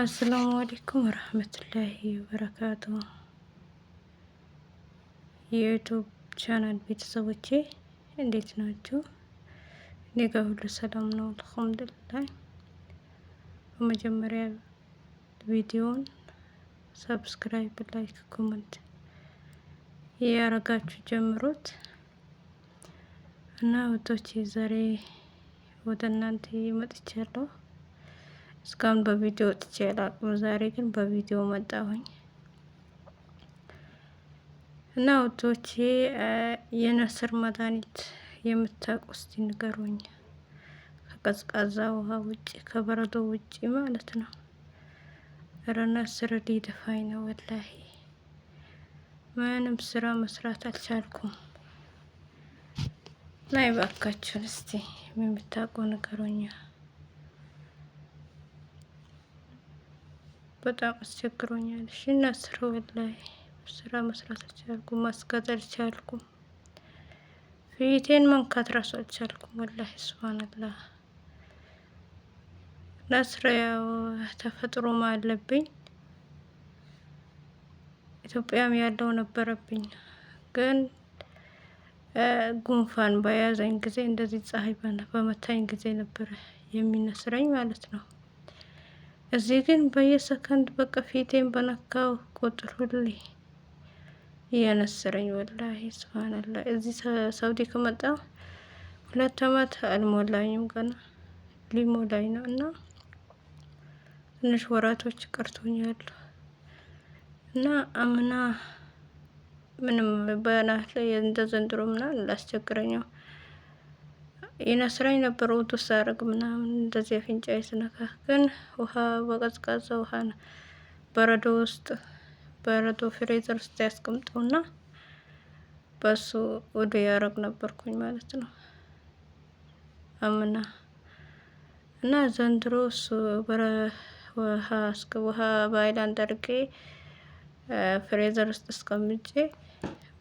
አሰላሙ አለይኩም ወረህመቱላሂ ወበረካቱ የዩቱብ ቻናል ቤተሰቦቼ እንዴት ናችሁ? እኔ ጋ ሁሉ ሰላም ነው አልሐምዱሊላህ። በመጀመሪያ ቪዲዮን ሰብስክራይብ፣ ላይክ፣ ኮመንት ያረጋችሁ ጀምሩት እና ወቶቼ ዛሬ ወደ እናንተ መጥቻለሁ። እስካሁን በቪዲዮ ወጥቼ አላቅም። ዛሬ ግን በቪዲዮ መጣሁኝ እና ውዶቼ የነስር መድኃኒት የምታውቁ እስቲ ንገሩኝ። ከቀዝቃዛ ውሃ ውጭ ከበረዶ ውጭ ማለት ነው። እረ ነስር ሊደፋኝ ነው ወላሂ። ምንም ስራ መስራት አልቻልኩም። ናይ ባካችሁን እስቲ የምታውቁ ንገሩኛ። በጣም አስቸግሮኛል። እሺ እና ስራው ላይ ስራ መስራት አልቻልኩም፣ ማስቀጠል አልቻልኩም። ፊቴን መንካት ራሱ አልቻልኩም። ወላሂ ሱብሃነላህ እና ስራ ያው ተፈጥሮም አለብኝ ኢትዮጵያም ያለው ነበረብኝ ግን ጉንፋን በያዘኝ ጊዜ እንደዚህ ፀሐይ በመታኝ ጊዜ ነበረ የሚነስረኝ ማለት ነው። እዚህ ግን በየሰከንድ በቃ ፊቴን በነካው ቁጥር ሁሌ እያነሰረኝ ወላሂ ስብሃንላ። እዚህ ሳውዲ ከመጣ ሁለት አመት አልሞላኝም ገና ሊሞላኝ ነው እና ትንሽ ወራቶች ቀርቶኛል እና አምና ምንም በና እንደዘንድሮ ምና ላስቸግረኛው ይነስረኝ ነበር ውዱስ አረግ ምናምን እንደዚህ አፍንጫ ስነካ ግን ውሃ በቀዝቃዛ ውሃ በረዶ ውስጥ በረዶ ፍሬዘር ውስጥ ያስቀምጠውና በሱ ወደ ያረግ ነበርኩኝ ማለት ነው። አምና እና ዘንድሮ እሱ ውሃ እስከ ውሃ በሀይላንድ አድርጌ ፍሬዘር ውስጥ እስቀምጬ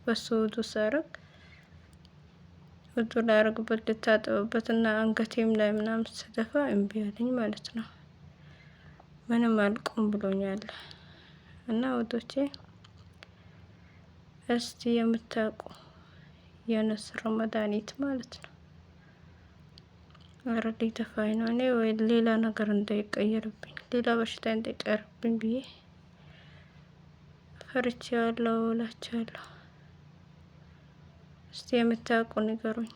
በሱ ውዱስ አረግ ብርዱ ላይ አርግበት ልታጠብበት እና አንገቴም ላይ ምናምን ስደፋ እምቢ አለኝ ማለት ነው። ምንም አልቁም ብሎኛል። እና ወዶቼ እስቲ የምታውቁ የነስር መድኃኒት ማለት ነው አረዴ ተፋይ ነው። እኔ ወይ ሌላ ነገር እንዳይቀየርብኝ ሌላ በሽታ እንዳይቀርብኝ ብዬ ፈርቼ ያለው ላቸዋለሁ። እስቲ የምታውቁ ንገሩኝ።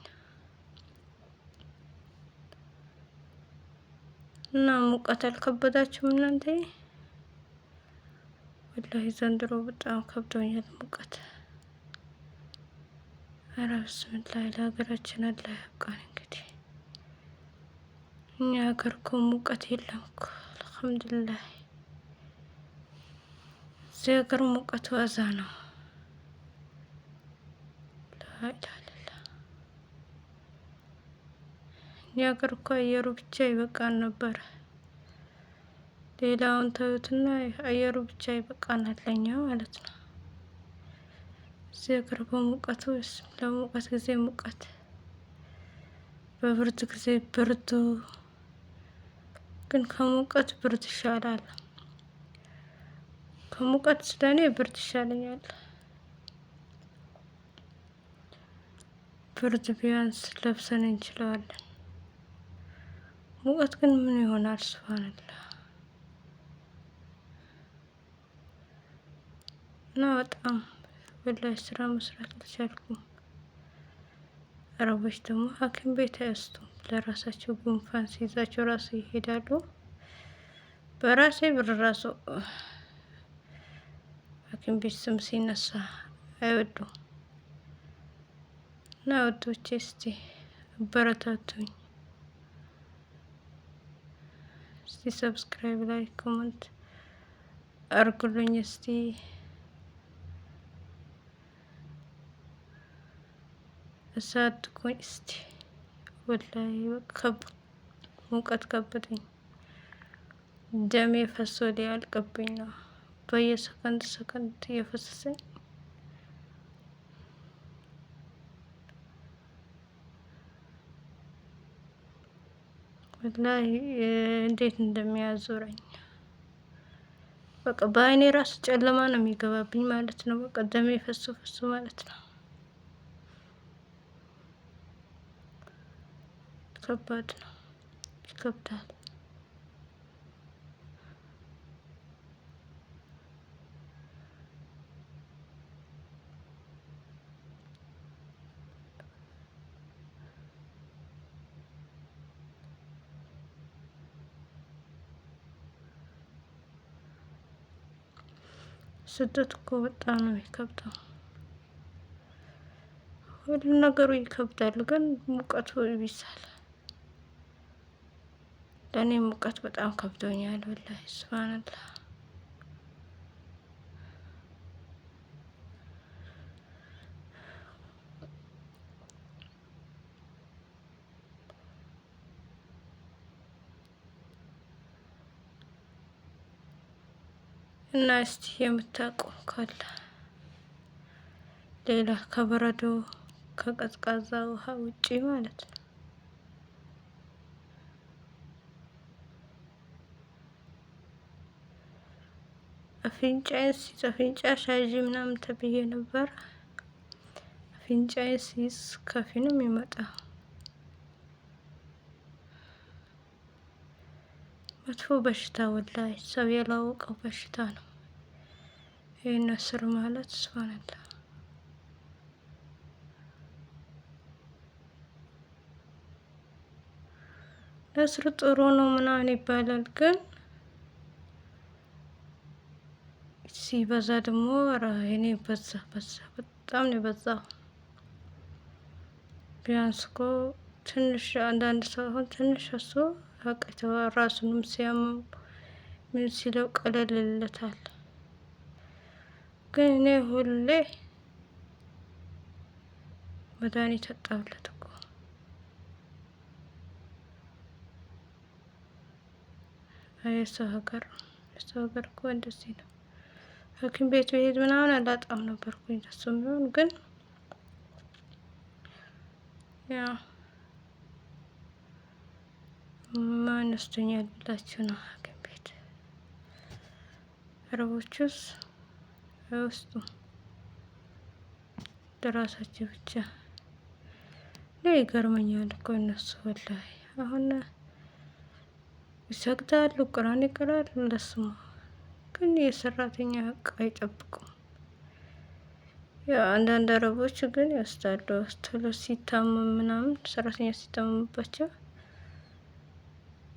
እና ሙቀት አልከበዳችሁም እናንተ? ወላሂ ዘንድሮ በጣም ከብዶኛል ሙቀት። ኧረ ብስምላ ለሀገራችን አለ ያብቃን። እንግዲህ እኛ ሀገር እኮ ሙቀት የለም እኮ አልሐምዱሊላህ። እዚህ ሀገር ሙቀት ዋዛ ነው። እኛ አገር እኮ አየሩ ብቻ ይበቃን ነበር። ሌላውን ታዩትና አየሩ ብቻ ይበቃናል ለኛ ማለት ነው። እዚህ ሀገር በሙቀቱ ለሙቀት ጊዜ ሙቀት፣ በብርድ ጊዜ ብርዱ። ግን ከሙቀት ብርድ ይሻላል። ከሙቀት ስለኔ ብርድ ይሻለኛል። ብርድ ቢያንስ ለብሰን እንችለዋለን። ሙቀት ግን ምን ይሆናል? ስብሃንላ እና በጣም ወላሂ ስራ መስራት አልቻልኩም። አረቦች ደግሞ ሐኪም ቤት አያስቱም። ለራሳቸው ጉንፋን ሲይዛቸው ራሱ ይሄዳሉ። በራሴ ብር ራሱ ሐኪም ቤት ስም ሲነሳ አይወዱም። እና ወዶቼ እስቲ አበረታቱኝ። እስቲ ሰብስክራይብ ላይ ኮመንት አርጉልኝ። እስቲ አሳድጉኝ። እስቲ ወላሂ ሙቀት ከበደኝ፣ ደሜ ፈሶ ሊያልቅብኝ ነው። በየሰከንድ ሰከንድ እየፈሰሰኝ ምክንያ እንዴት እንደሚያዞረኝ በቃ በአይኔ ራሱ ጨለማ ነው የሚገባብኝ ማለት ነው። በቃ ደሜ ፈሶ ፈሶ ማለት ነው። ከባድ ነው። ይከብዳል። ስደት እኮ በጣም ነው የሚከብደው። ሁሉ ነገሩ ይከብዳል፣ ግን ሙቀቱ ይብሳል። ለእኔ ሙቀት በጣም ከብዶኛል። ወላሂ ስብሃንላህ እና እስቲ የምታውቁ ካለ ሌላ ከበረዶ ከቀዝቃዛ ውሃ ውጪ ማለት ነው። አፍንጫዬን ሲይዝ አፍንጫ ሻዥ ምናምን ተብዬ ነበር። አፍንጫዬን ሲይዝ ከፊንም ይመጣ መጥፎ በሽታ ወላሂ ሰው የላወቀው በሽታ ነው። ይህን ነስር ማለት ስብሃነላ ነስር ጥሩ ነው ምናምን ይባላል፣ ግን ሲበዛ ደግሞ ኧረ እኔ በዛ በዛ በጣም ነው የበዛው። ቢያንስ እኮ ትንሽ አንዳንድ ሰው አሁን ትንሽ እሱ አቅተው ራሱንም ሲያመው ምን ሲለው ቀለልለታል። ግን እኔ ሁሌ መድኃኒት አጣሁለት እኮ የሰው ሀገር የሰው ሀገር እኮ እንደዚህ ነው። ሐኪም ቤት ብሄድ ምናምን አላጣም ነበርኩኝ። እሱም ቢሆን ግን ያው ማን ወስዶኛል ብላችሁ ነው ሐኪም ቤት? አረቦቹስ አይወስዱ ለራሳቸው ብቻ ላይ ይገርመኛል እኮ እነሱ ወላሂ አሁን ይሰግዳሉ፣ ቁርአን ይቀራሉ፣ ለስሙ ግን የሰራተኛ ሀቅ አይጠብቁም። አንዳንድ አረቦች ግን ይወስዳሉ። ቶሎ ሲታመም ምናምን ሰራተኛ ሲታመምባቸው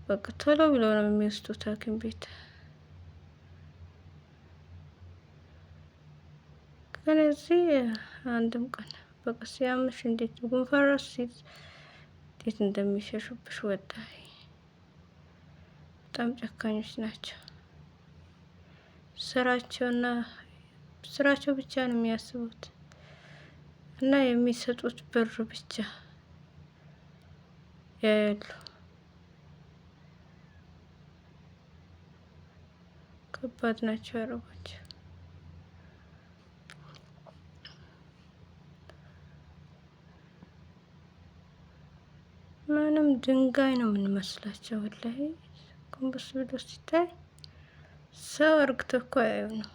በቃ ቶሎ ብለው ነው የሚወስዱት ሐኪም ቤት። ግን እዚህ አንድም ቀን በቃ ሲያምሽ እንዴት ጉንፋን ራሱ ሲይዝ እንዴት እንደሚሸሹብሽ ወላሂ በጣም ጨካኞች ናቸው። ስራቸውና ስራቸው ብቻ ነው የሚያስቡት እና የሚሰጡት ብር ብቻ ያያሉ። ከባድ ናቸው አረቦች። ምንም ድንጋይ ነው የምንመስላቸው። ወላሂ ጎንበስ ብሎ ሲታይ ሰው እርግቶ እኮ ያዩ ነው።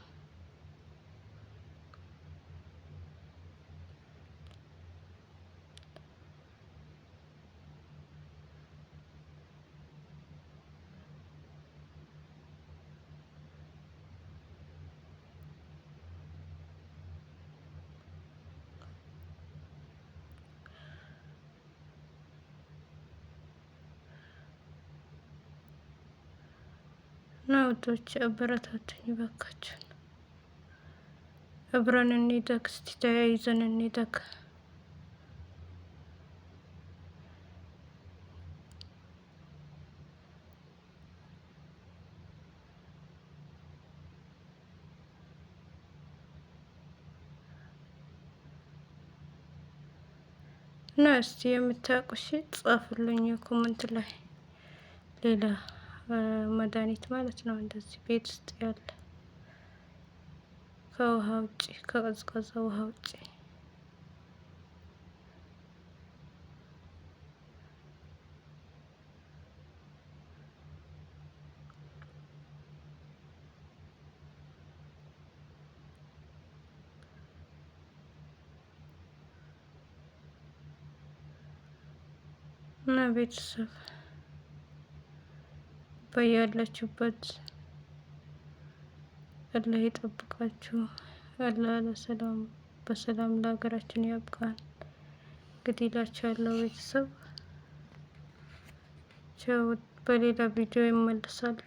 እና ውዶች አበረታቱኝ እባካችሁን። አብረን እንደግ እስቲ ተያይዘን እንደግ። እና እስቲ የምታውቁሽ ጻፉልኝ ኮመንት ላይ ሌላ መድኃኒት ማለት ነው። እንደዚህ ቤት ውስጥ ያለ ከውሃ ውጭ ከቀዝቃዛ ውሃ ውጭ እና ቤተሰብ በያላችሁበት አላህ ይጠብቃችሁ። አላህ ለሰላም በሰላም ለሀገራችን ያብቃን። እንግዲህ እላችኋለሁ ቤተሰብ ቸው በሌላ ቪዲዮ ይመልሳሉ።